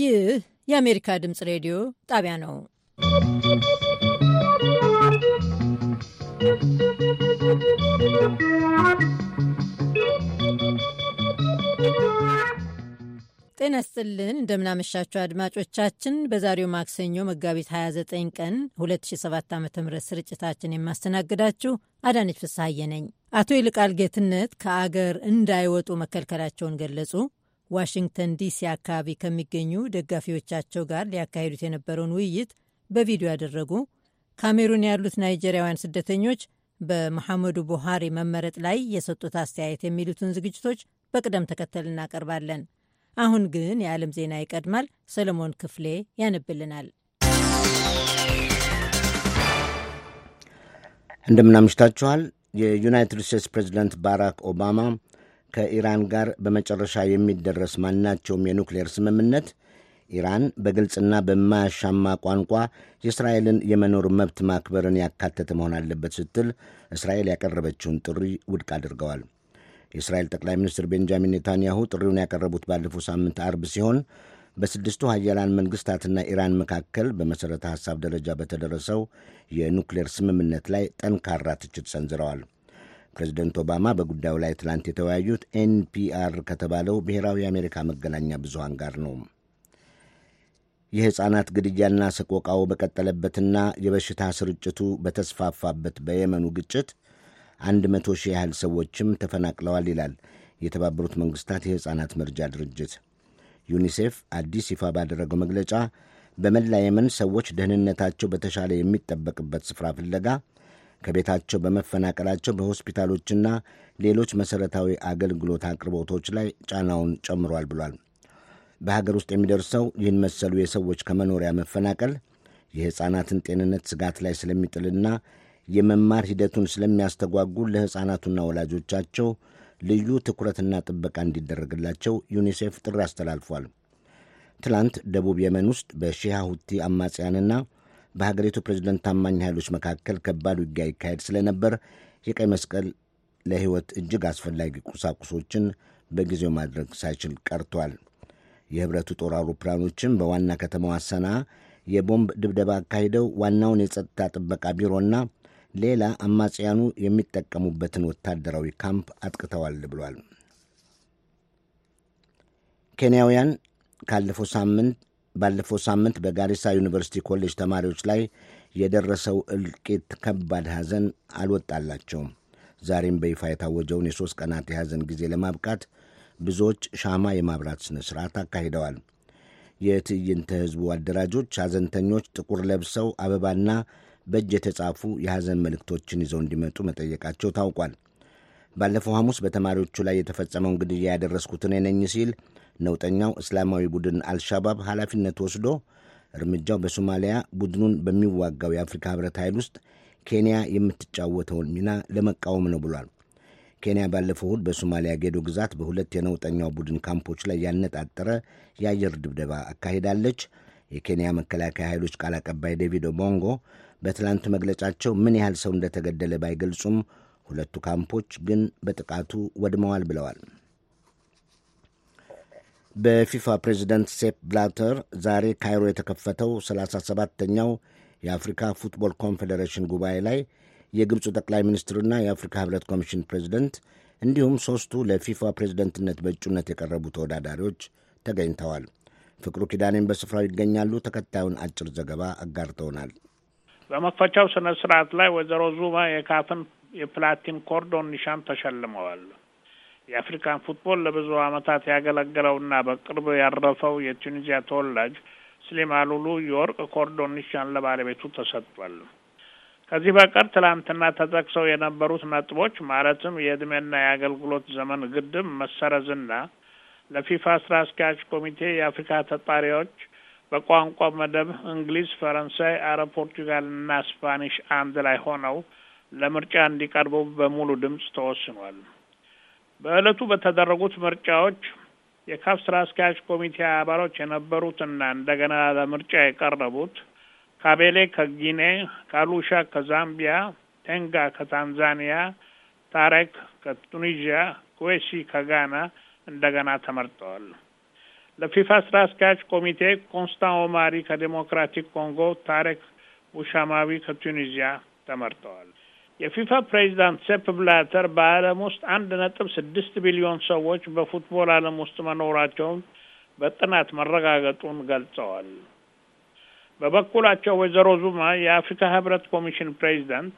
ይህ የአሜሪካ ድምፅ ሬዲዮ ጣቢያ ነው። ጤና ስጥልን፣ እንደምናመሻችሁ አድማጮቻችን። በዛሬው ማክሰኞ መጋቢት 29 ቀን 2007 ዓ.ም ስርጭታችን የማስተናግዳችሁ አዳነች ፍስሐዬ ነኝ። አቶ ይልቃል ጌትነት ከአገር እንዳይወጡ መከልከላቸውን ገለጹ። ዋሽንግተን ዲሲ አካባቢ ከሚገኙ ደጋፊዎቻቸው ጋር ሊያካሂዱት የነበረውን ውይይት በቪዲዮ ያደረጉ ካሜሩን ያሉት ናይጄሪያውያን ስደተኞች በመሐመዱ ቡሃሪ መመረጥ ላይ የሰጡት አስተያየት የሚሉትን ዝግጅቶች በቅደም ተከተል እናቀርባለን። አሁን ግን የዓለም ዜና ይቀድማል። ሰለሞን ክፍሌ ያነብልናል። እንደምናምሽታችኋል። የዩናይትድ ስቴትስ ፕሬዚደንት ባራክ ኦባማ ከኢራን ጋር በመጨረሻ የሚደረስ ማናቸውም የኑክሌር ስምምነት ኢራን በግልጽና በማያሻማ ቋንቋ የእስራኤልን የመኖር መብት ማክበርን ያካተተ መሆን አለበት ስትል እስራኤል ያቀረበችውን ጥሪ ውድቅ አድርገዋል። የእስራኤል ጠቅላይ ሚኒስትር ቤንጃሚን ኔታንያሁ ጥሪውን ያቀረቡት ባለፈው ሳምንት አርብ ሲሆን በስድስቱ ሀያላን መንግስታትና ኢራን መካከል በመሠረተ ሐሳብ ደረጃ በተደረሰው የኑክሌር ስምምነት ላይ ጠንካራ ትችት ሰንዝረዋል። ፕሬዚደንት ኦባማ በጉዳዩ ላይ ትላንት የተወያዩት ኤንፒአር ከተባለው ብሔራዊ የአሜሪካ መገናኛ ብዙሃን ጋር ነው። የሕፃናት ግድያና ሰቆቃው በቀጠለበትና የበሽታ ስርጭቱ በተስፋፋበት በየመኑ ግጭት አንድ መቶ ሺህ ያህል ሰዎችም ተፈናቅለዋል ይላል የተባበሩት መንግስታት የሕፃናት መርጃ ድርጅት። ዩኒሴፍ አዲስ ይፋ ባደረገው መግለጫ በመላ የመን ሰዎች ደህንነታቸው በተሻለ የሚጠበቅበት ስፍራ ፍለጋ ከቤታቸው በመፈናቀላቸው በሆስፒታሎችና ሌሎች መሠረታዊ አገልግሎት አቅርቦቶች ላይ ጫናውን ጨምሯል ብሏል። በሀገር ውስጥ የሚደርሰው ይህን መሰሉ የሰዎች ከመኖሪያ መፈናቀል የሕፃናትን ጤንነት ስጋት ላይ ስለሚጥልና የመማር ሂደቱን ስለሚያስተጓጉል ለሕፃናቱና ወላጆቻቸው ልዩ ትኩረትና ጥበቃ እንዲደረግላቸው ዩኒሴፍ ጥሪ አስተላልፏል። ትላንት ደቡብ የመን ውስጥ በሺሃ ሁቲ አማጽያንና በሀገሪቱ ፕሬዝደንት ታማኝ ኃይሎች መካከል ከባድ ውጊያ ይካሄድ ስለነበር የቀይ መስቀል ለሕይወት እጅግ አስፈላጊ ቁሳቁሶችን በጊዜው ማድረግ ሳይችል ቀርቷል። የኅብረቱ ጦር አውሮፕላኖችም በዋና ከተማዋ ሰና የቦምብ ድብደባ አካሂደው ዋናውን የጸጥታ ጥበቃ ቢሮና ሌላ አማጽያኑ የሚጠቀሙበትን ወታደራዊ ካምፕ አጥቅተዋል ብሏል። ኬንያውያን ካለፈው ሳምንት ባለፈው ሳምንት በጋሪሳ ዩኒቨርሲቲ ኮሌጅ ተማሪዎች ላይ የደረሰው እልቂት ከባድ ሐዘን አልወጣላቸውም። ዛሬም በይፋ የታወጀውን የሦስት ቀናት የሐዘን ጊዜ ለማብቃት ብዙዎች ሻማ የማብራት ሥነ ሥርዓት አካሂደዋል። የትዕይንተ ሕዝቡ አደራጆች ሐዘንተኞች ጥቁር ለብሰው አበባና በእጅ የተጻፉ የሐዘን መልእክቶችን ይዘው እንዲመጡ መጠየቃቸው ታውቋል። ባለፈው ሐሙስ በተማሪዎቹ ላይ የተፈጸመውን ግድያ ያደረስኩትን ነኝ ሲል ነውጠኛው እስላማዊ ቡድን አልሻባብ ኃላፊነት ወስዶ እርምጃው በሶማሊያ ቡድኑን በሚዋጋው የአፍሪካ ህብረት ኃይል ውስጥ ኬንያ የምትጫወተውን ሚና ለመቃወም ነው ብሏል። ኬንያ ባለፈው እሁድ በሶማሊያ ጌዶ ግዛት በሁለት የነውጠኛው ቡድን ካምፖች ላይ ያነጣጠረ የአየር ድብደባ አካሂዳለች። የኬንያ መከላከያ ኃይሎች ቃል አቀባይ ዴቪድ ኦቦንጎ በትላንት መግለጫቸው ምን ያህል ሰው እንደተገደለ ባይገልጹም ሁለቱ ካምፖች ግን በጥቃቱ ወድመዋል ብለዋል። በፊፋ ፕሬዚደንት ሴፕ ብላተር ዛሬ ካይሮ የተከፈተው 37ተኛው የአፍሪካ ፉትቦል ኮንፌዴሬሽን ጉባኤ ላይ የግብፁ ጠቅላይ ሚኒስትርና የአፍሪካ ህብረት ኮሚሽን ፕሬዚደንት እንዲሁም ሦስቱ ለፊፋ ፕሬዝደንትነት በእጩነት የቀረቡ ተወዳዳሪዎች ተገኝተዋል። ፍቅሩ ኪዳኔም በስፍራው ይገኛሉ። ተከታዩን አጭር ዘገባ አጋርተውናል። በመክፈቻው ስነ ስርዓት ላይ ወይዘሮ ዙማ የካፍን የፕላቲን ኮርዶን ኒሻን ተሸልመዋል። የአፍሪካን ፉትቦል ለብዙ ዓመታት ያገለገለውና በቅርብ ያረፈው የቱኒዚያ ተወላጅ ስሊማሉሉ የወርቅ ኮርዶን ኒሻን ለባለቤቱ ተሰጥቷል። ከዚህ በቀር ትላንትና ተጠቅሰው የነበሩት ነጥቦች ማለትም የእድሜና የአገልግሎት ዘመን ግድብ መሰረዝና ለፊፋ ስራ አስኪያጅ ኮሚቴ የአፍሪካ ተጣሪዎች በቋንቋ መደብ እንግሊዝ፣ ፈረንሳይ፣ አረብ፣ ፖርቱጋል እና ስፓኒሽ አንድ ላይ ሆነው ለምርጫ እንዲቀርቡ በሙሉ ድምፅ ተወስኗል። በዕለቱ በተደረጉት ምርጫዎች የካፍ ስራ አስኪያጅ ኮሚቴ አባሎች የነበሩትና እንደገና ለምርጫ የቀረቡት ካቤሌ ከጊኔ፣ ካሉሻ ከዛምቢያ፣ ቴንጋ ከታንዛኒያ፣ ታሬክ ከቱኒዥያ፣ ኩዌሲ ከጋና እንደገና ተመርጠዋል። ለፊፋ ስራ አስኪያጅ ኮሚቴ ኮንስታን ኦማሪ ከዴሞክራቲክ ኮንጎ፣ ታሪክ ቡሻማዊ ከቱኒዚያ ተመርጠዋል። የፊፋ ፕሬዚዳንት ሴፕ ብላተር በዓለም ውስጥ አንድ ነጥብ ስድስት ቢሊዮን ሰዎች በፉትቦል ዓለም ውስጥ መኖራቸውን በጥናት መረጋገጡን ገልጸዋል። በበኩላቸው ወይዘሮ ዙማ የአፍሪካ ህብረት ኮሚሽን ፕሬዚዳንት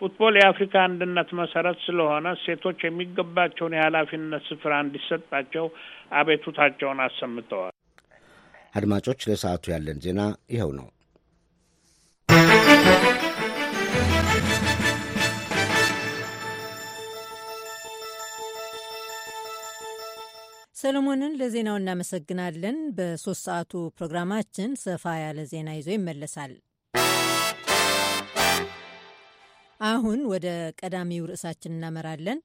ፉትቦል የአፍሪካ አንድነት መሰረት ስለሆነ ሴቶች የሚገባቸውን የኃላፊነት ስፍራ እንዲሰጣቸው አቤቱታቸውን አሰምተዋል። አድማጮች፣ ለሰዓቱ ያለን ዜና ይኸው ነው። ሰለሞንን ለዜናው እናመሰግናለን። በሶስት ሰዓቱ ፕሮግራማችን ሰፋ ያለ ዜና ይዞ ይመለሳል። አሁን ወደ ቀዳሚው ርዕሳችን እናመራለን።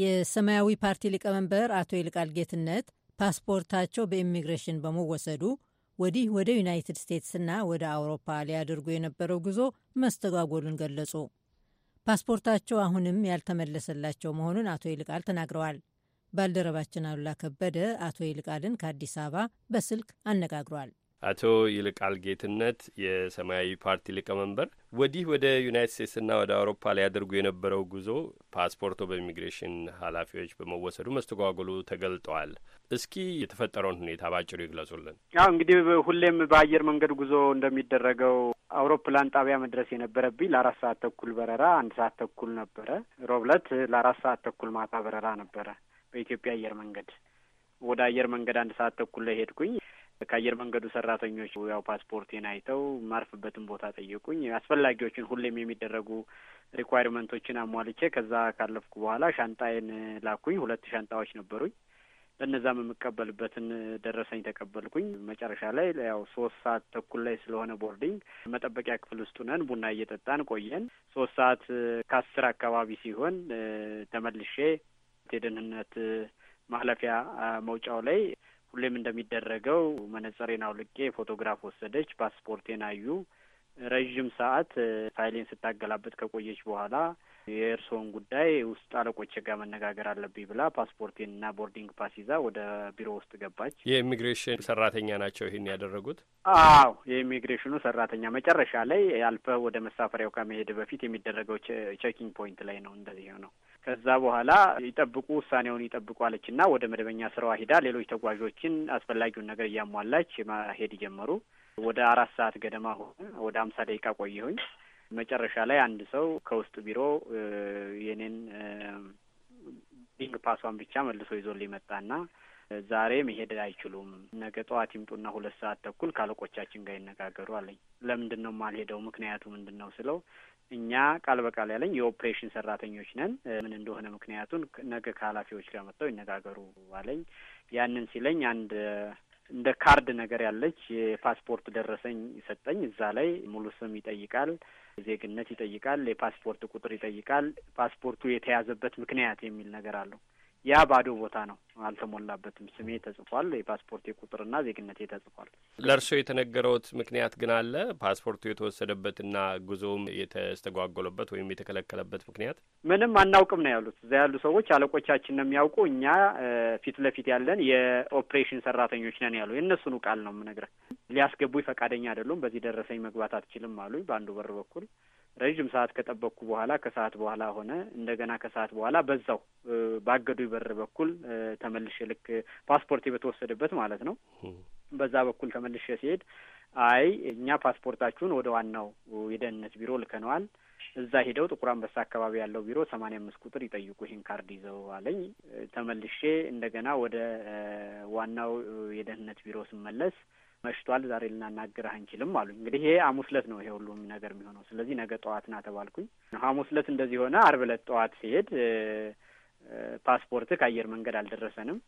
የሰማያዊ ፓርቲ ሊቀመንበር አቶ ይልቃል ጌትነት ፓስፖርታቸው በኢሚግሬሽን በመወሰዱ ወዲህ ወደ ዩናይትድ ስቴትስና ወደ አውሮፓ ሊያደርጉ የነበረው ጉዞ መስተጓጎሉን ገለጹ። ፓስፖርታቸው አሁንም ያልተመለሰላቸው መሆኑን አቶ ይልቃል ተናግረዋል። ባልደረባችን አሉላ ከበደ አቶ ይልቃልን ከአዲስ አበባ በስልክ አነጋግሯል። አቶ ይልቃል ጌትነት የሰማያዊ ፓርቲ ሊቀመንበር፣ ወዲህ ወደ ዩናይት ስቴትስና ወደ አውሮፓ ሊያደርጉ የነበረው ጉዞ ፓስፖርቶ በኢሚግሬሽን ኃላፊዎች በመወሰዱ መስተጓጎሉ ተገልጠዋል። እስኪ የተፈጠረውን ሁኔታ ባጭሩ ይግለጹልን። አሁ እንግዲህ ሁሌም በአየር መንገድ ጉዞ እንደሚደረገው አውሮፕላን ጣቢያ መድረስ የነበረብኝ ለአራት ሰዓት ተኩል በረራ አንድ ሰዓት ተኩል ነበረ። ሮብለት ለአራት ሰዓት ተኩል ማታ በረራ ነበረ በኢትዮጵያ አየር መንገድ ወደ አየር መንገድ አንድ ሰዓት ተኩል ላይ ሄድኩኝ። ከአየር መንገዱ ሰራተኞች ያው ፓስፖርቴን አይተው ማርፍበትን ቦታ ጠየቁኝ። አስፈላጊዎችን ሁሌም የሚደረጉ ሪኳይርመንቶችን አሟልቼ ከዛ ካለፍኩ በኋላ ሻንጣዬን ላኩኝ። ሁለት ሻንጣዎች ነበሩኝ። ለእነዛም የምቀበልበትን ደረሰኝ ተቀበልኩኝ። መጨረሻ ላይ ያው ሶስት ሰዓት ተኩል ላይ ስለሆነ ቦርዲንግ መጠበቂያ ክፍል ውስጡ ነን፣ ቡና እየጠጣን ቆየን። ሶስት ሰዓት ከአስር አካባቢ ሲሆን ተመልሼ የደህንነት ማለፊያ መውጫው ላይ ሁሌም እንደሚደረገው መነጽሬን አውልቄ ፎቶግራፍ ወሰደች። ፓስፖርቴን አዩ። ረዥም ሰዓት ፋይሌን ስታገላበጥ ከቆየች በኋላ የእርስዎን ጉዳይ ውስጥ አለቆች ጋር መነጋገር አለብኝ ብላ ፓስፖርቴንና ቦርዲንግ ፓስ ይዛ ወደ ቢሮ ውስጥ ገባች። የኢሚግሬሽን ሰራተኛ ናቸው ይህን ያደረጉት? አዎ፣ የኢሚግሬሽኑ ሰራተኛ መጨረሻ ላይ አልፈ ወደ መሳፈሪያው ከመሄድ በፊት የሚደረገው ቼኪንግ ፖይንት ላይ ነው እንደዚህ ነው። ከዛ በኋላ ይጠብቁ ውሳኔውን ይጠብቁ አለችና ወደ መደበኛ ስራዋ ሂዳ ሌሎች ተጓዦችን አስፈላጊውን ነገር እያሟላች መሄድ ጀመሩ። ወደ አራት ሰዓት ገደማ ሆነ። ወደ አምሳ ደቂቃ ቆየሁኝ። መጨረሻ ላይ አንድ ሰው ከውስጥ ቢሮ የኔን ቢንግ ፓሷን ብቻ መልሶ ይዞልኝ መጣና ዛሬ መሄድ አይችሉም፣ ነገ ጠዋት ይምጡና ሁለት ሰዓት ተኩል ካለቆቻችን ጋር ይነጋገሩ አለኝ። ለምንድን ነው የማልሄደው? ምክንያቱ ምንድን ነው ስለው እኛ ቃል በቃል ያለኝ የኦፕሬሽን ሰራተኞች ነን። ምን እንደሆነ ምክንያቱን ነገ ከኃላፊዎች ጋር መጥተው ይነጋገሩ አለኝ። ያንን ሲለኝ አንድ እንደ ካርድ ነገር ያለች የፓስፖርት ደረሰኝ ሰጠኝ። እዛ ላይ ሙሉ ስም ይጠይቃል፣ ዜግነት ይጠይቃል፣ የፓስፖርት ቁጥር ይጠይቃል፣ ፓስፖርቱ የተያዘበት ምክንያት የሚል ነገር አለው። ያ ባዶ ቦታ ነው፣ አልተሞላበትም። ስሜ ተጽፏል፣ የፓስፖርት ቁጥርና ዜግነቴ ተጽፏል። ለእርስዎ የተነገረውት ምክንያት ግን አለ? ፓስፖርቱ የተወሰደበትና ጉዞውም የተስተጓጎለበት ወይም የተከለከለበት ምክንያት ምንም አናውቅም ነው ያሉት። እዛ ያሉ ሰዎች አለቆቻችን ነው የሚያውቁ፣ እኛ ፊት ለፊት ያለን የኦፕሬሽን ሰራተኞች ነን ያሉ። የእነሱኑ ቃል ነው የምነግረህ። ሊያስገቡኝ ፈቃደኛ አይደሉም። በዚህ ደረሰኝ መግባት አትችልም አሉኝ በአንዱ በር በኩል ረዥም ሰዓት ከጠበቅኩ በኋላ ከሰዓት በኋላ ሆነ። እንደገና ከሰዓት በኋላ በዛው ባገዱ በር በኩል ተመልሼ ልክ ፓስፖርቴ በተወሰደበት ማለት ነው። በዛ በኩል ተመልሼ ሲሄድ አይ እኛ ፓስፖርታችሁን ወደ ዋናው የደህንነት ቢሮ ልከነዋል። እዛ ሄደው ጥቁር አንበሳ አካባቢ ያለው ቢሮ ሰማንያ አምስት ቁጥር ይጠይቁ ይህን ካርድ ይዘው አለኝ። ተመልሼ እንደገና ወደ ዋናው የደህንነት ቢሮ ስመለስ መሽቷል፣ ዛሬ ልናናግርህ አንችልም አሉኝ። እንግዲህ ይሄ ሐሙስ ዕለት ነው ይሄ ሁሉም ነገር የሚሆነው። ስለዚህ ነገ ጠዋት ና ተባልኩኝ። ሐሙስ ዕለት እንደዚህ ሆነ። አርብ ዕለት ጠዋት ሲሄድ ፓስፖርት ከአየር መንገድ አልደረሰንም፣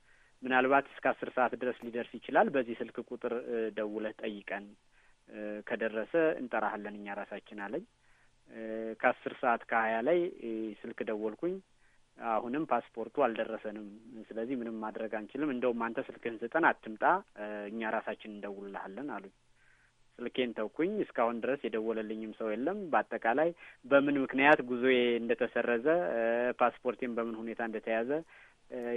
ምናልባት እስከ አስር ሰዓት ድረስ ሊደርስ ይችላል፣ በዚህ ስልክ ቁጥር ደውለህ ጠይቀን፣ ከደረሰ እንጠራሃለን እኛ ራሳችን አለኝ። ከአስር ሰዓት ከሀያ ላይ ስልክ ደወልኩኝ። አሁንም ፓስፖርቱ አልደረሰንም፣ ስለዚህ ምንም ማድረግ አንችልም። እንደውም አንተ ስልክህን ስጠን፣ አትምጣ፣ እኛ ራሳችን እንደውልልሃለን አሉኝ። ስልኬን ተውኩኝ። እስካሁን ድረስ የደወለልኝም ሰው የለም። በአጠቃላይ በምን ምክንያት ጉዞዬ እንደተሰረዘ፣ ፓስፖርቴን በምን ሁኔታ እንደተያዘ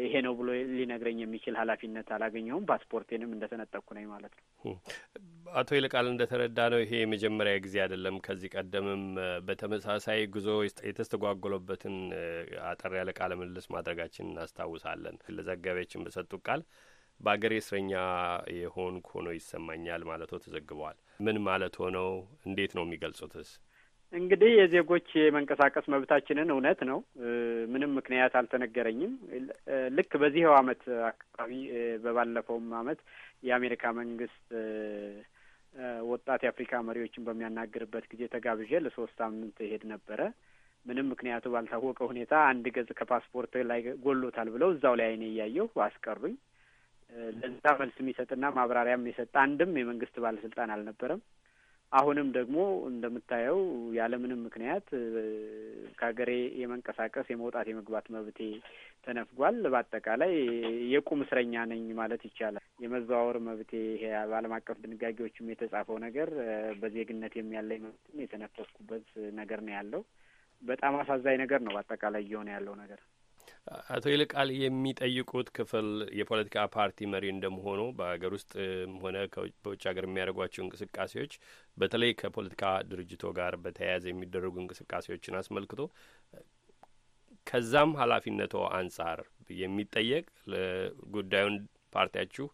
ይሄ ነው ብሎ ሊነግረኝ የሚችል ኃላፊነት አላገኘሁም። ፓስፖርቴንም እንደተነጠቅኩ ነኝ ማለት ነው። አቶ ይልቃል እንደተረዳ ነው ይሄ የመጀመሪያ ጊዜ አይደለም። ከዚህ ቀደምም በተመሳሳይ ጉዞ የተስተጓጎለበትን አጠር ያለ ቃለ ምልልስ ማድረጋችን እናስታውሳለን። ለዘጋቢያችን በሰጡ ቃል በአገሬ እስረኛ የሆንኩ ሆኖ ይሰማኛል ማለቶ ተዘግበዋል። ምን ማለት ሆነው እንዴት ነው የሚገልጹትስ? እንግዲህ የዜጎች የመንቀሳቀስ መብታችንን እውነት ነው። ምንም ምክንያት አልተነገረኝም። ልክ በዚህው አመት አካባቢ በባለፈውም አመት የአሜሪካ መንግስት ወጣት የአፍሪካ መሪዎችን በሚያናግርበት ጊዜ ተጋብዤ ለሶስት ሳምንት ሄድ ነበረ። ምንም ምክንያቱ ባልታወቀ ሁኔታ አንድ ገጽ ከፓስፖርት ላይ ጎሎታል ብለው እዛው ላይ አይኔ እያየሁ አስቀሩኝ። ለዛ መልስ የሚሰጥና ማብራሪያ የሚሰጥ አንድም የመንግስት ባለስልጣን አልነበረም። አሁንም ደግሞ እንደምታየው ያለምንም ምክንያት ከሀገሬ የመንቀሳቀስ የመውጣት የመግባት መብቴ ተነፍጓል። በአጠቃላይ የቁም እስረኛ ነኝ ማለት ይቻላል። የመዘዋወር መብቴ በዓለም አቀፍ ድንጋጌዎችም የተጻፈው ነገር በዜግነት የሚያለኝ መብትም የተነፈስኩበት ነገር ነው ያለው። በጣም አሳዛኝ ነገር ነው በአጠቃላይ እየሆነ ያለው ነገር። አቶ ይልቃል የሚጠይቁት ክፍል የፖለቲካ ፓርቲ መሪ እንደመሆኑ በሀገር ውስጥ ሆነ በውጭ ሀገር የሚያደርጓቸው እንቅስቃሴዎች በተለይ ከፖለቲካ ድርጅቶ ጋር በተያያዘ የሚደረጉ እንቅስቃሴዎችን አስመልክቶ ከዛም ኃላፊነቶ አንጻር የሚጠየቅ ጉዳዩን ፓርቲያችሁ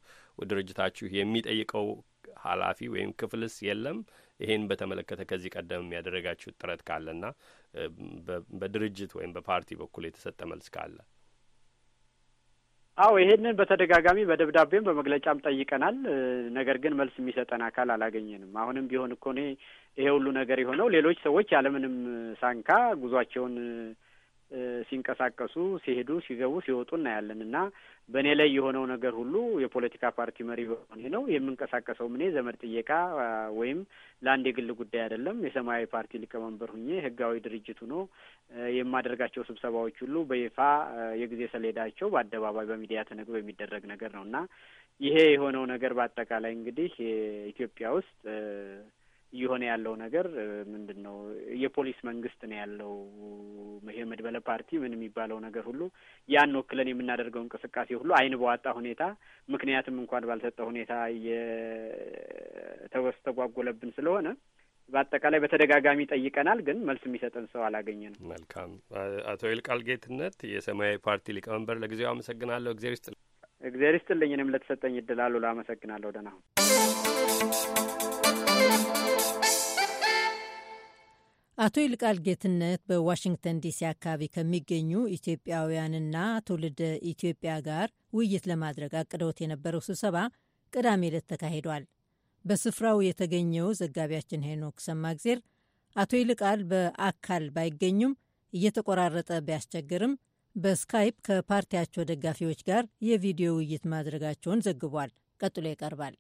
ድርጅታችሁ የሚጠይቀው ኃላፊ ወይም ክፍልስ የለም? ይሄን በተመለከተ ከዚህ ቀደም ያደረጋችሁ ጥረት ካለና በድርጅት ወይም በፓርቲ በኩል የተሰጠ መልስ ካለ? አዎ ይሄንን በተደጋጋሚ በደብዳቤም በመግለጫም ጠይቀናል። ነገር ግን መልስ የሚሰጠን አካል አላገኘንም። አሁንም ቢሆን እኮ እኔ ይሄ ሁሉ ነገር የሆነው ሌሎች ሰዎች ያለምንም ሳንካ ጉዟቸውን ሲንቀሳቀሱ፣ ሲሄዱ፣ ሲገቡ፣ ሲወጡ እናያለን እና በእኔ ላይ የሆነው ነገር ሁሉ የፖለቲካ ፓርቲ መሪ በሆኔ ነው የምንቀሳቀሰው። ምን ዘመድ ጥየቃ ወይም ለአንድ የግል ጉዳይ አይደለም። የሰማያዊ ፓርቲ ሊቀመንበር ሁኜ ህጋዊ ድርጅቱ ነው የማደርጋቸው ስብሰባዎች ሁሉ በይፋ የጊዜ ሰሌዳቸው በአደባባይ በሚዲያ ተነግሮ የሚደረግ ነገር ነው እና ይሄ የሆነው ነገር በአጠቃላይ እንግዲህ ኢትዮጵያ ውስጥ እየሆነ ያለው ነገር ምንድን ነው? የፖሊስ መንግስት ነው ያለው። ይሄ መድበለ ፓርቲ ምን የሚባለው ነገር ሁሉ ያን ወክለን የምናደርገው እንቅስቃሴ ሁሉ አይን በዋጣ ሁኔታ ምክንያትም እንኳን ባልሰጠ ሁኔታ እየተስተጓጎለብን ስለሆነ በአጠቃላይ በተደጋጋሚ ጠይቀናል፣ ግን መልስ የሚሰጠን ሰው አላገኘንም። መልካም። አቶ ይልቃል ጌትነት የሰማያዊ ፓርቲ ሊቀመንበር፣ ለጊዜው አመሰግናለሁ። እግዜር ይስጥ። እግዜር ይስጥልኝ። እኔም ለተሰጠኝ እድል አሉ ላመሰግናለሁ። ደህና ሁን። አቶ ይልቃል ጌትነት በዋሽንግተን ዲሲ አካባቢ ከሚገኙ ኢትዮጵያውያንና ትውልደ ኢትዮጵያ ጋር ውይይት ለማድረግ አቅደውት የነበረው ስብሰባ ቅዳሜ ዕለት ተካሂዷል። በስፍራው የተገኘው ዘጋቢያችን ሄኖክ ሰማግዜር አቶ ይልቃል በአካል ባይገኙም እየተቆራረጠ ቢያስቸግርም በስካይፕ ከፓርቲያቸው ደጋፊዎች ጋር የቪዲዮ ውይይት ማድረጋቸውን ዘግቧል። ቀጥሎ ይቀርባል።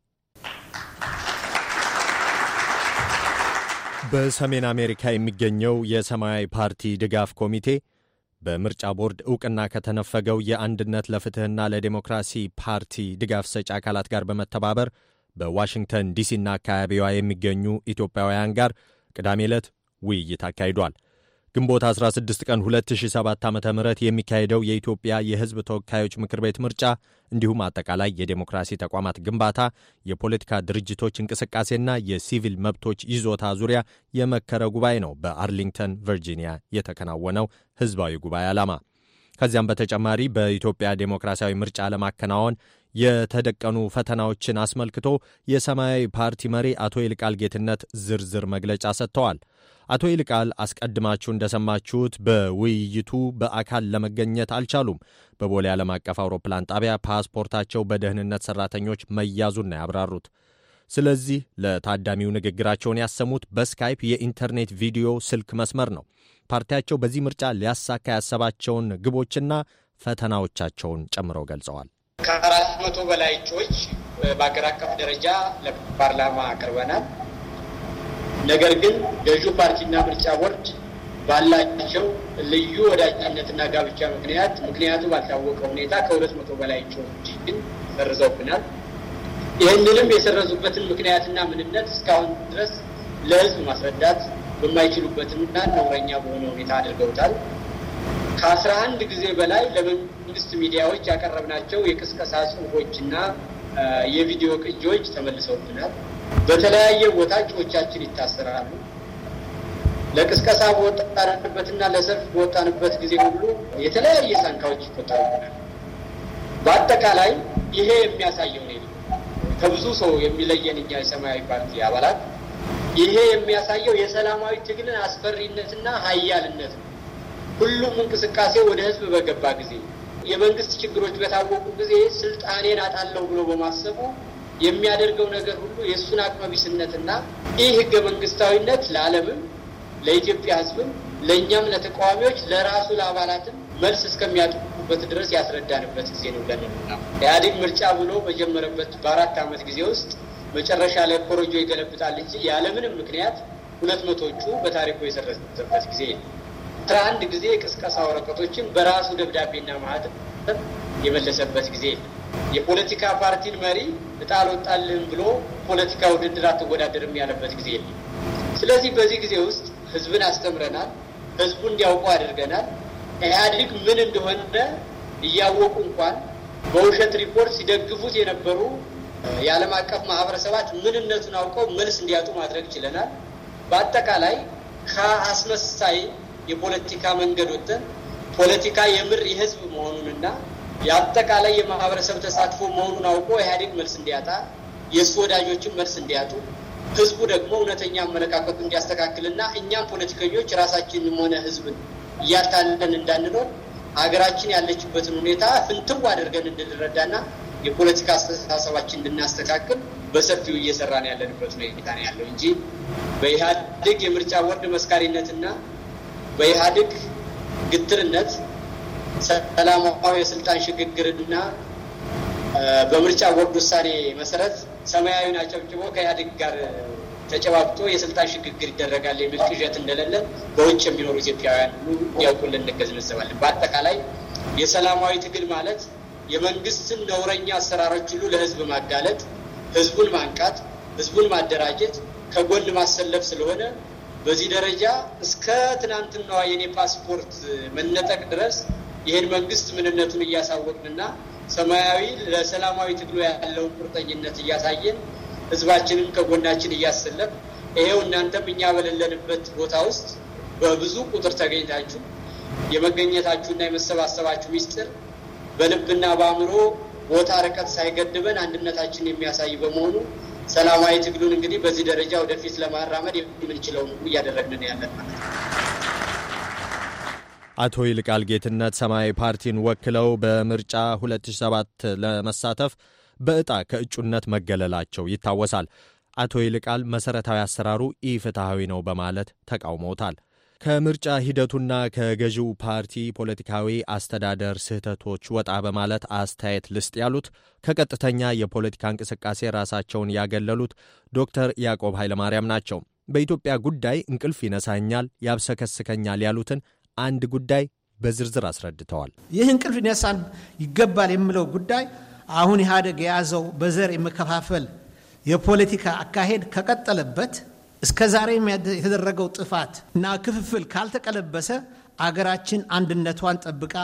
በሰሜን አሜሪካ የሚገኘው የሰማያዊ ፓርቲ ድጋፍ ኮሚቴ በምርጫ ቦርድ እውቅና ከተነፈገው የአንድነት ለፍትህና ለዴሞክራሲ ፓርቲ ድጋፍ ሰጪ አካላት ጋር በመተባበር በዋሽንግተን ዲሲና አካባቢዋ የሚገኙ ኢትዮጵያውያን ጋር ቅዳሜ ዕለት ውይይት አካሂዷል። ግንቦት 16 ቀን 2007 ዓ ም የሚካሄደው የኢትዮጵያ የሕዝብ ተወካዮች ምክር ቤት ምርጫ እንዲሁም አጠቃላይ የዴሞክራሲ ተቋማት ግንባታ፣ የፖለቲካ ድርጅቶች እንቅስቃሴና የሲቪል መብቶች ይዞታ ዙሪያ የመከረ ጉባኤ ነው በአርሊንግተን ቨርጂኒያ የተከናወነው ሕዝባዊ ጉባኤ ዓላማ። ከዚያም በተጨማሪ በኢትዮጵያ ዴሞክራሲያዊ ምርጫ ለማከናወን የተደቀኑ ፈተናዎችን አስመልክቶ የሰማያዊ ፓርቲ መሪ አቶ ይልቃል ጌትነት ዝርዝር መግለጫ ሰጥተዋል። አቶ ይልቃል አስቀድማችሁ እንደሰማችሁት በውይይቱ በአካል ለመገኘት አልቻሉም። በቦሌ ዓለም አቀፍ አውሮፕላን ጣቢያ ፓስፖርታቸው በደህንነት ሠራተኞች መያዙን ነው ያብራሩት። ስለዚህ ለታዳሚው ንግግራቸውን ያሰሙት በስካይፕ የኢንተርኔት ቪዲዮ ስልክ መስመር ነው። ፓርቲያቸው በዚህ ምርጫ ሊያሳካ ያሰባቸውን ግቦችና ፈተናዎቻቸውን ጨምረው ገልጸዋል። ከአራት መቶ በላይ እጩዎች በአገር አቀፍ ደረጃ ለፓርላማ አቅርበናል። ነገር ግን ገዢው ፓርቲና ምርጫ ቦርድ ባላቸው ልዩ ወዳጅነትና ጋብቻ ምክንያት ምክንያቱ ባልታወቀ ሁኔታ ከሁለት መቶ በላይ ግን ሰርዘውብናል። ይህንንም የሰረዙበትን ምክንያትና ምንነት እስካሁን ድረስ ለሕዝብ ማስረዳት በማይችሉበትና ነውረኛ በሆነ ሁኔታ አድርገውታል። ከአስራ አንድ ጊዜ በላይ ለመንግስት ሚዲያዎች ያቀረብናቸው የቅስቀሳ ጽሁፎችና የቪዲዮ ቅጂዎች ተመልሰውብናል። በተለያየ ቦታ እጩዎቻችን ይታሰራሉ። ለቅስቀሳ በወጣንበትና ለሰልፍ በወጣንበት ጊዜ ሁሉ የተለያየ ሳንካዎች ይፈጠሩብናል። በአጠቃላይ ይሄ የሚያሳየው ነው። ከብዙ ሰው የሚለየን እኛ የሰማያዊ ፓርቲ አባላት ይሄ የሚያሳየው የሰላማዊ ትግልን አስፈሪነትና ሀያልነት ነው። ሁሉም እንቅስቃሴ ወደ ህዝብ በገባ ጊዜ፣ የመንግስት ችግሮች በታወቁ ጊዜ ስልጣኔን አጣለሁ ብሎ በማሰቡ የሚያደርገው ነገር ሁሉ የእሱን አቅመቢስነትና ይህ ህገ መንግስታዊነት ለዓለምም ለኢትዮጵያ ህዝብም ለእኛም ለተቃዋሚዎች ለራሱ ለአባላትም መልስ እስከሚያጠቁበት ድረስ ያስረዳንበት ጊዜ ነው ብለን ኢህአዴግ ምርጫ ብሎ በጀመረበት በአራት ዓመት ጊዜ ውስጥ መጨረሻ ላይ ኮረጆ ይገለብጣል እንጂ ያለምንም ምክንያት ሁለት መቶቹ በታሪኩ የሰረዘበት ጊዜ አስራ አንድ ጊዜ የቅስቀሳ ወረቀቶችን በራሱ ደብዳቤና ማህተም የመለሰበት ጊዜ የፖለቲካ ፓርቲን መሪ እጣ አልወጣልህም ብሎ ፖለቲካ ውድድር አትወዳደርም ያለበት ጊዜ የለም። ስለዚህ በዚህ ጊዜ ውስጥ ህዝብን አስተምረናል። ህዝቡ እንዲያውቁ አድርገናል። ኢህአዲግ ምን እንደሆነ እያወቁ እንኳን በውሸት ሪፖርት ሲደግፉት የነበሩ የዓለም አቀፍ ማህበረሰባት ምንነቱን አውቀው መልስ እንዲያጡ ማድረግ ችለናል። በአጠቃላይ ከአስመሳይ የፖለቲካ መንገድ ወጥተን ፖለቲካ የምር የህዝብ መሆኑንና የአጠቃላይ የማህበረሰብ ተሳትፎ መሆኑን አውቆ ኢህአዴግ መልስ እንዲያጣ፣ የእሱ ወዳጆችን መልስ እንዲያጡ፣ ህዝቡ ደግሞ እውነተኛ አመለካከቱ እንዲያስተካክልና እኛም ፖለቲከኞች ራሳችንም ሆነ ህዝብን እያታለን እንዳንኖር ሀገራችን ያለችበትን ሁኔታ ፍንትው አድርገን እንድንረዳና የፖለቲካ አስተሳሰባችን እንድናስተካክል በሰፊው እየሰራን ያለንበት ሁኔታ ነው ያለው እንጂ በኢህአዴግ የምርጫ ቦርድ መስካሪነትና በኢህአዴግ ግትርነት ሰላማዊ የስልጣን ሽግግርና በምርጫ ቦርድ ውሳኔ መሰረት ሰማያዊን አጨብጭቦ ከኢህአዴግ ጋር ተጨባብጦ የስልጣን ሽግግር ይደረጋል የሚል ቅዠት እንደሌለ በውጭ የሚኖሩ ኢትዮጵያውያን ያውቁልን እንዲያውቁልን እንዘባለን። በአጠቃላይ የሰላማዊ ትግል ማለት የመንግስትን ነውረኛ አሰራሮች ሁሉ ለህዝብ ማጋለጥ፣ ህዝቡን ማንቃት፣ ህዝቡን ማደራጀት፣ ከጎን ማሰለፍ ስለሆነ በዚህ ደረጃ እስከ ትናንትናዋ የኔ ፓስፖርት መነጠቅ ድረስ ይህን መንግስት ምንነቱን እያሳወቅንና ሰማያዊ ለሰላማዊ ትግሎ ያለውን ቁርጠኝነት እያሳየን ህዝባችንን ከጎናችን እያሰለፍ ይሄው እናንተም እኛ በሌለንበት ቦታ ውስጥ በብዙ ቁጥር ተገኝታችሁ የመገኘታችሁና የመሰባሰባችሁ ሚስጥር በልብና በአእምሮ ቦታ ርቀት ሳይገድበን አንድነታችን የሚያሳይ በመሆኑ ሰላማዊ ትግሉን እንግዲህ በዚህ ደረጃ ወደፊት ለማራመድ የምንችለውን እያደረግን ያለን ማለት ነው። አቶ ይልቃል ጌትነት ሰማያዊ ፓርቲን ወክለው በምርጫ 2007 ለመሳተፍ በእጣ ከእጩነት መገለላቸው ይታወሳል። አቶ ይልቃል መሰረታዊ አሰራሩ ኢፍትሐዊ ነው በማለት ተቃውመውታል። ከምርጫ ሂደቱና ከገዢው ፓርቲ ፖለቲካዊ አስተዳደር ስህተቶች ወጣ በማለት አስተያየት ልስጥ ያሉት ከቀጥተኛ የፖለቲካ እንቅስቃሴ ራሳቸውን ያገለሉት ዶክተር ያዕቆብ ኃይለማርያም ናቸው። በኢትዮጵያ ጉዳይ እንቅልፍ ይነሳኛል፣ ያብሰከስከኛል ያሉትን አንድ ጉዳይ በዝርዝር አስረድተዋል። ይህ እንቅልፍ ይነሳን ይገባል የምለው ጉዳይ አሁን ኢህአደግ የያዘው በዘር የመከፋፈል የፖለቲካ አካሄድ ከቀጠለበት እስከ ዛሬም የተደረገው ጥፋት እና ክፍፍል ካልተቀለበሰ አገራችን አንድነቷን ጠብቃ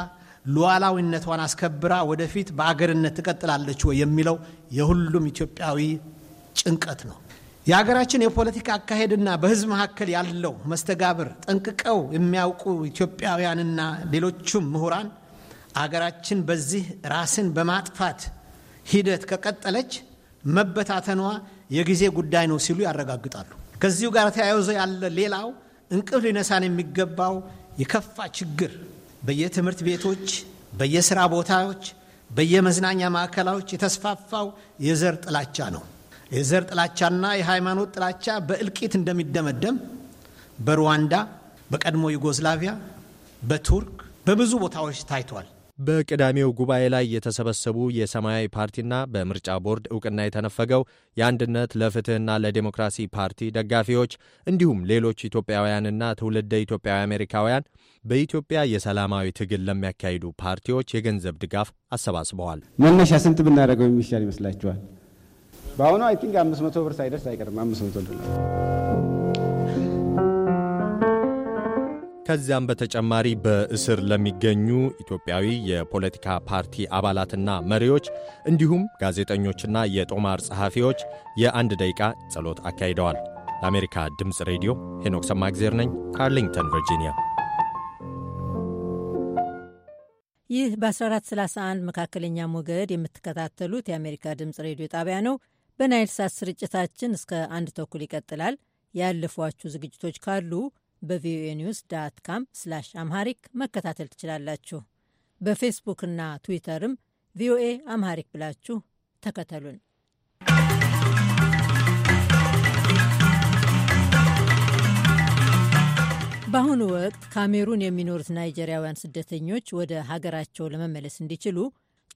ሉዓላዊነቷን አስከብራ ወደፊት በአገርነት ትቀጥላለች ወይ የሚለው የሁሉም ኢትዮጵያዊ ጭንቀት ነው። የሀገራችን የፖለቲካ አካሄድና በሕዝብ መካከል ያለው መስተጋብር ጠንቅቀው የሚያውቁ ኢትዮጵያውያንና ሌሎቹም ምሁራን አገራችን በዚህ ራስን በማጥፋት ሂደት ከቀጠለች መበታተኗ የጊዜ ጉዳይ ነው ሲሉ ያረጋግጣሉ። ከዚሁ ጋር ተያይዞ ያለ ሌላው እንቅልፍ ሊነሳን የሚገባው የከፋ ችግር በየትምህርት ቤቶች፣ በየስራ ቦታዎች፣ በየመዝናኛ ማዕከላዎች የተስፋፋው የዘር ጥላቻ ነው። የዘር ጥላቻና የሃይማኖት ጥላቻ በእልቂት እንደሚደመደም በሩዋንዳ፣ በቀድሞ ዩጎዝላቪያ፣ በቱርክ በብዙ ቦታዎች ታይቷል። በቅዳሜው ጉባኤ ላይ የተሰበሰቡ የሰማያዊ ፓርቲና በምርጫ ቦርድ እውቅና የተነፈገው የአንድነት ለፍትህና ለዴሞክራሲ ፓርቲ ደጋፊዎች እንዲሁም ሌሎች ኢትዮጵያውያንና ትውልደ ኢትዮጵያዊ አሜሪካውያን በኢትዮጵያ የሰላማዊ ትግል ለሚያካሂዱ ፓርቲዎች የገንዘብ ድጋፍ አሰባስበዋል። መነሻ ስንት ብናደርገው የሚሻል ይመስላችኋል? በአሁኑ አይ ቲንክ አምስት መቶ ብር ሳይደርስ አይቀርም። አምስት መቶ ከዚያም በተጨማሪ በእስር ለሚገኙ ኢትዮጵያዊ የፖለቲካ ፓርቲ አባላትና መሪዎች እንዲሁም ጋዜጠኞችና የጦማር ጸሐፊዎች የአንድ ደቂቃ ጸሎት አካሂደዋል። ለአሜሪካ ድምፅ ሬዲዮ ሄኖክ ሰማግዜር ነኝ ከአርሊንግተን ቨርጂኒያ። ይህ በ1431 መካከለኛ ሞገድ የምትከታተሉት የአሜሪካ ድምፅ ሬዲዮ ጣቢያ ነው። በናይል ሳት ስርጭታችን እስከ አንድ ተኩል ይቀጥላል። ያለፏችሁ ዝግጅቶች ካሉ በቪኦኤ ኒውስ ዳት ካም ስላሽ አምሃሪክ መከታተል ትችላላችሁ። በፌስቡክና ትዊተርም ቪኦኤ አምሃሪክ ብላችሁ ተከተሉን። በአሁኑ ወቅት ካሜሩን የሚኖሩት ናይጄሪያውያን ስደተኞች ወደ ሀገራቸው ለመመለስ እንዲችሉ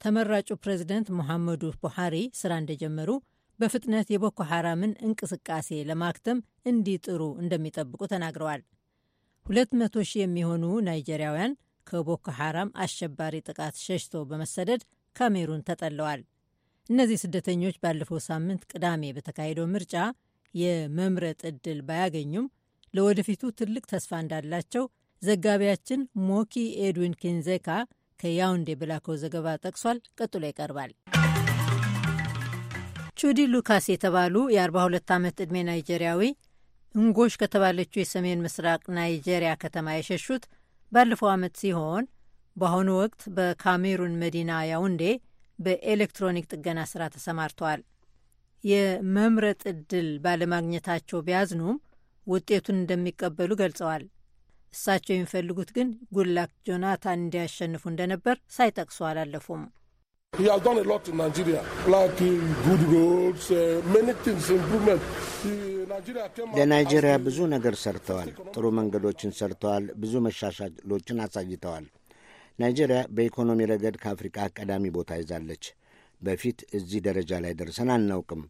ተመራጩ ፕሬዚደንት ሙሐመዱ ቡሃሪ ስራ እንደጀመሩ በፍጥነት የቦኮ ሐራምን እንቅስቃሴ ለማክተም እንዲጥሩ እንደሚጠብቁ ተናግረዋል። 200 ሺህ የሚሆኑ ናይጄሪያውያን ከቦኮ ሐራም አሸባሪ ጥቃት ሸሽተው በመሰደድ ካሜሩን ተጠለዋል። እነዚህ ስደተኞች ባለፈው ሳምንት ቅዳሜ በተካሄደው ምርጫ የመምረጥ ዕድል ባያገኙም ለወደፊቱ ትልቅ ተስፋ እንዳላቸው ዘጋቢያችን ሞኪ ኤድዊን ኬንዜካ ከያውንዴ በላከው ዘገባ ጠቅሷል። ቀጥሎ ይቀርባል። ቹዲ ሉካስ የተባሉ የ42 ዓመት ዕድሜ ናይጄሪያዊ እንጎሽ ከተባለችው የሰሜን ምስራቅ ናይጄሪያ ከተማ የሸሹት ባለፈው ዓመት ሲሆን በአሁኑ ወቅት በካሜሩን መዲና ያውንዴ በኤሌክትሮኒክ ጥገና ስራ ተሰማርተዋል። የመምረጥ ዕድል ባለማግኘታቸው ቢያዝኑም ውጤቱን እንደሚቀበሉ ገልጸዋል። እሳቸው የሚፈልጉት ግን ጉላክ ጆናታን እንዲያሸንፉ እንደነበር ሳይጠቅሱ አላለፉም። He has done a lot in Nigeria, like good roads, uh, many things, improvement. ለናይጄሪያ ብዙ ነገር ሰርተዋል። ጥሩ መንገዶችን ሰርተዋል። ብዙ መሻሻሎችን አሳይተዋል። ናይጄሪያ በኢኮኖሚ ረገድ ከአፍሪቃ ቀዳሚ ቦታ ይዛለች። በፊት እዚህ ደረጃ ላይ ደርሰን አናውቅም።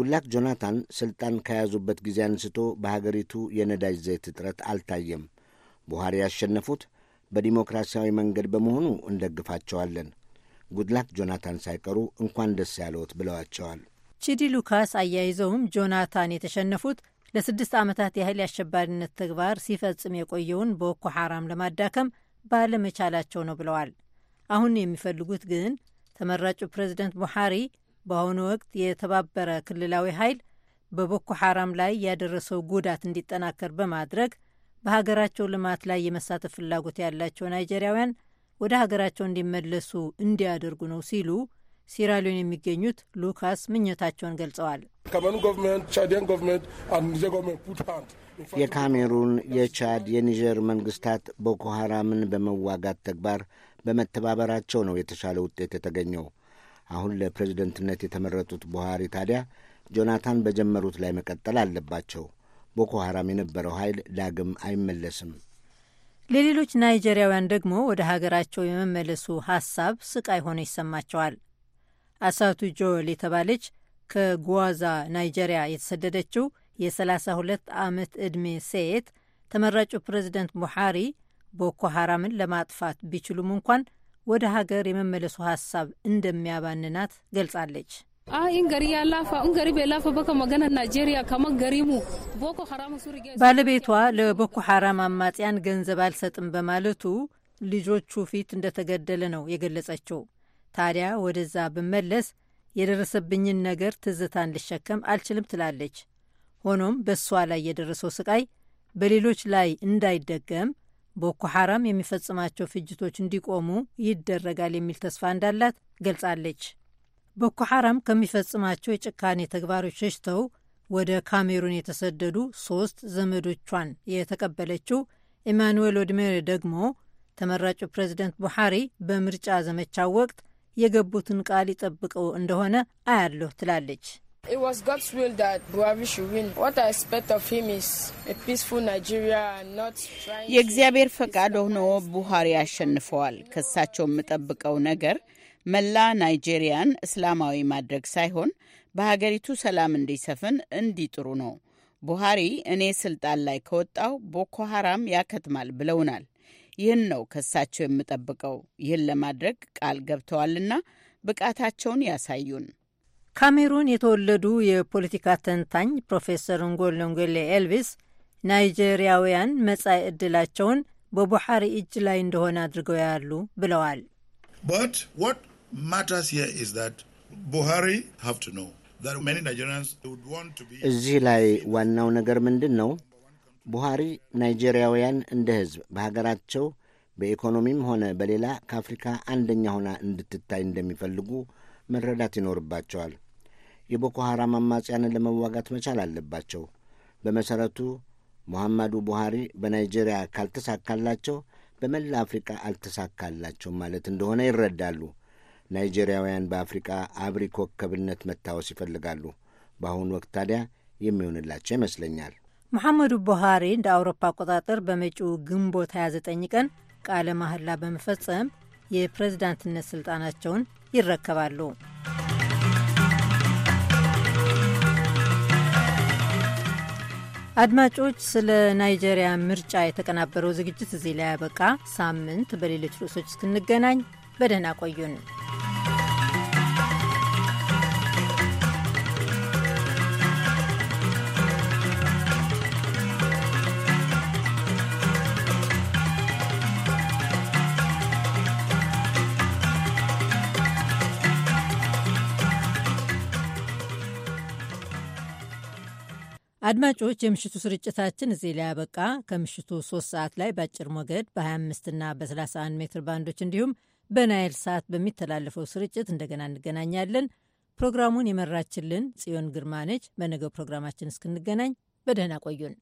ጉላክ ጆናታን ስልጣን ከያዙበት ጊዜ አንስቶ በሀገሪቱ የነዳጅ ዘይት እጥረት አልታየም። ቡሃሪ ያሸነፉት በዲሞክራሲያዊ መንገድ በመሆኑ እንደግፋቸዋለን። ጉድላክ ጆናታን ሳይቀሩ እንኳን ደስ ያለዎት ብለዋቸዋል። ቺዲ ሉካስ አያይዘውም ጆናታን የተሸነፉት ለስድስት ዓመታት ያህል የአሸባሪነት ተግባር ሲፈጽም የቆየውን ቦኮ ሐራም ለማዳከም ባለመቻላቸው ነው ብለዋል። አሁን የሚፈልጉት ግን ተመራጩ ፕሬዚደንት ቡሓሪ በአሁኑ ወቅት የተባበረ ክልላዊ ኃይል በቦኮ ሐራም ላይ ያደረሰው ጉዳት እንዲጠናከር በማድረግ በሀገራቸው ልማት ላይ የመሳተፍ ፍላጎት ያላቸው ናይጄሪያውያን ወደ ሀገራቸው እንዲመለሱ እንዲያደርጉ ነው ሲሉ ሲራሊዮን የሚገኙት ሉካስ ምኞታቸውን ገልጸዋል። የካሜሩን፣ የቻድ፣ የኒጀር መንግስታት ቦኮ ሐራምን በመዋጋት ተግባር በመተባበራቸው ነው የተሻለ ውጤት የተገኘው። አሁን ለፕሬዝደንትነት የተመረጡት ቡሃሪ ታዲያ ጆናታን በጀመሩት ላይ መቀጠል አለባቸው። ቦኮ ሐራም የነበረው ኃይል ዳግም አይመለስም። ለሌሎች ናይጀሪያውያን ደግሞ ወደ ሀገራቸው የመመለሱ ሀሳብ ስቃይ ሆኖ ይሰማቸዋል። አሳቱ ጆል የተባለች ከጓዛ ናይጀሪያ የተሰደደችው የ32 ዓመት ዕድሜ ሴት ተመራጩ ፕሬዚደንት ቡሐሪ ቦኮ ሐራምን ለማጥፋት ቢችሉም እንኳን ወደ ሀገር የመመለሱ ሀሳብ እንደሚያባንናት ገልጻለች። Ah, ባለቤቷ ለቦኮ ሐራም አማጽያን ገንዘብ አልሰጥም በማለቱ ልጆቹ ፊት እንደተገደለ ነው የገለጸችው። ታዲያ ወደዛ ብመለስ የደረሰብኝን ነገር ትዝታን ልሸከም አልችልም ትላለች። ሆኖም በእሷ ላይ የደረሰው ስቃይ በሌሎች ላይ እንዳይደገም ቦኮ ሐራም የሚፈጽማቸው ፍጅቶች እንዲቆሙ ይደረጋል የሚል ተስፋ እንዳላት ገልጻለች። ቦኮ ሐራም ከሚፈጽማቸው የጭካኔ ተግባሮች ሸሽተው ወደ ካሜሩን የተሰደዱ ሶስት ዘመዶቿን የተቀበለችው ኢማኑዌል ኦድሜሬ ደግሞ ተመራጩ ፕሬዚደንት ቡሐሪ በምርጫ ዘመቻው ወቅት የገቡትን ቃል ይጠብቀው እንደሆነ አያለሁ ትላለች። የእግዚአብሔር ፈቃድ ሆኖ ቡሃሪ አሸንፈዋል። ከሳቸው የምጠብቀው ነገር መላ ናይጄሪያን እስላማዊ ማድረግ ሳይሆን በሀገሪቱ ሰላም እንዲሰፍን እንዲጥሩ ነው። ቡሃሪ እኔ ስልጣን ላይ ከወጣው ቦኮ ሀራም ያከትማል ብለውናል። ይህን ነው ከሳቸው የምጠብቀው። ይህን ለማድረግ ቃል ገብተዋልና ብቃታቸውን ያሳዩን። ካሜሩን የተወለዱ የፖለቲካ ተንታኝ ፕሮፌሰር እንጎለ እንጎሌ ኤልቪስ ናይጄሪያውያን መጻኢ ዕድላቸውን በቡሓሪ እጅ ላይ እንደሆነ አድርገው ያሉ ብለዋል። matters here is that Buhari have to know that many Nigerians would want to be እዚህ ላይ ዋናው ነገር ምንድን ነው? ቡሃሪ ናይጄሪያውያን እንደ ሕዝብ በሀገራቸው በኢኮኖሚም ሆነ በሌላ ከአፍሪካ አንደኛ ሆና እንድትታይ እንደሚፈልጉ መረዳት ይኖርባቸዋል። የቦኮ ሐራም አማጽያንን ለመዋጋት መቻል አለባቸው። በመሠረቱ ሙሐመዱ ቡሃሪ በናይጄሪያ ካልተሳካላቸው በመላ አፍሪካ አልተሳካላቸውም ማለት እንደሆነ ይረዳሉ። ናይጄሪያውያን በአፍሪቃ አብሪ ኮከብነት መታወስ ይፈልጋሉ። በአሁኑ ወቅት ታዲያ የሚሆንላቸው ይመስለኛል። መሐመዱ ቡሃሪ እንደ አውሮፓ አቆጣጠር በመጪው ግንቦት 29 ቀን ቃለ ማህላ በመፈጸም የፕሬዝዳንትነት ስልጣናቸውን ይረከባሉ። አድማጮች፣ ስለ ናይጄሪያ ምርጫ የተቀናበረው ዝግጅት እዚህ ላይ ያበቃ። ሳምንት በሌሎች ርዕሶች እስክንገናኝ በደህና ቆዩን። አድማጮች የምሽቱ ስርጭታችን እዚህ ላይ ያበቃ። ከምሽቱ ሶስት ሰዓት ላይ በአጭር ሞገድ በ25 እና በ31 ሜትር ባንዶች እንዲሁም በናይል ሰዓት በሚተላለፈው ስርጭት እንደገና እንገናኛለን። ፕሮግራሙን የመራችልን ጽዮን ግርማ ነች። በነገው ፕሮግራማችን እስክንገናኝ በደህና ቆዩን።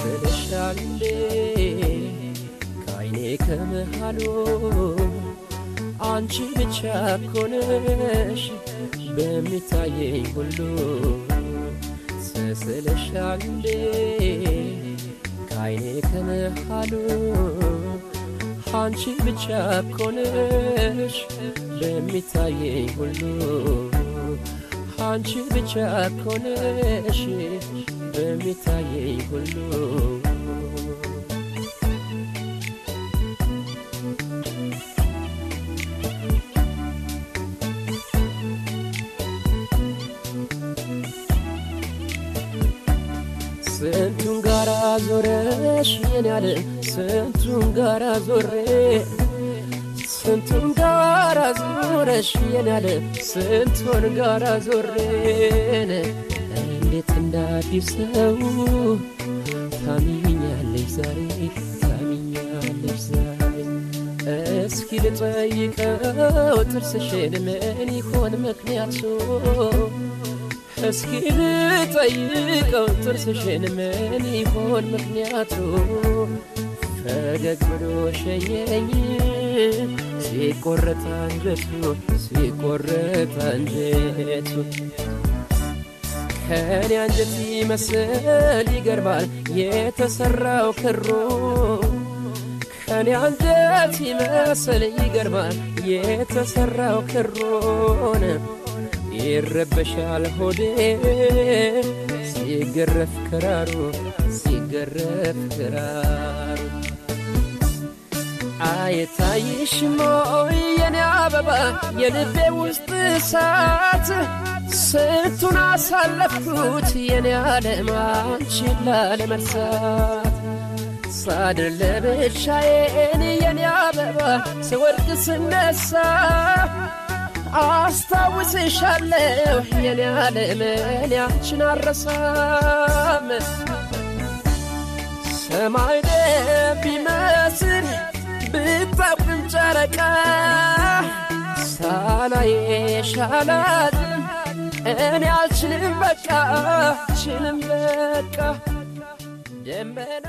ስልሻሌ ከአይኔ ከመሃሉ አንቺ ብቻ ኮነሽ በሚታየኝ ሁሉ ስስልሻሌ ካይኔ ከመሃሉ አንቺ ብቻ ኮነሽ በሚታየኝ ሁሉ አንቺ ብቻ ኮነሽ በሚታየኝ ሁሉ ዞረሽ የናለ ስንቱን ጋራ ዞሬ ስንቱን ጋራ ዞረሽ የናለ ስንቱን ጋራ ዞሬን እንዴት እንዳዲስ ሰው ታሚኛለሽ ዛሬ ታሚኛለሽ ዛሬ እስኪ ልጠይቀው ጥርስሽን ምን ይሆን ምክንያቱ እስኪ ልጠይቀው ጥርስሽን ምን ይሆን ምክንያቱ ፈገግ ብሎ ሸኘኝ ሲቆረጥ አንጀቱ ሲቆረጥ አንጀቱ ከኔ አንጀት ይመስል ይገርማል የተሰራው ክሩ ከኔ አንጀት ይመስል ይገርማል የተሰራው ክሩን ይረበሻል ሆዴ ሲገረፍ ክራሩ ሲገረፍ ክራሩ አየታይሽ ሞይ የኔ አበባ የልቤ ውስጥ እሳት ስንቱን አሳለፍኩት የኔ ዓለም አንቺን ላለመርሳት ሳድር ለብቻዬን የኔ አበባ ስወድቅ ስነሳ አስታውስሻለሁ የኔ ዓለም እኔ አንቺን አረሳም ሰማይ ቢመስል ብታብም ጨረቃ ሳላየሽ አላድርም እኔ አልችልም በቃ አልችልም በቃ ደመና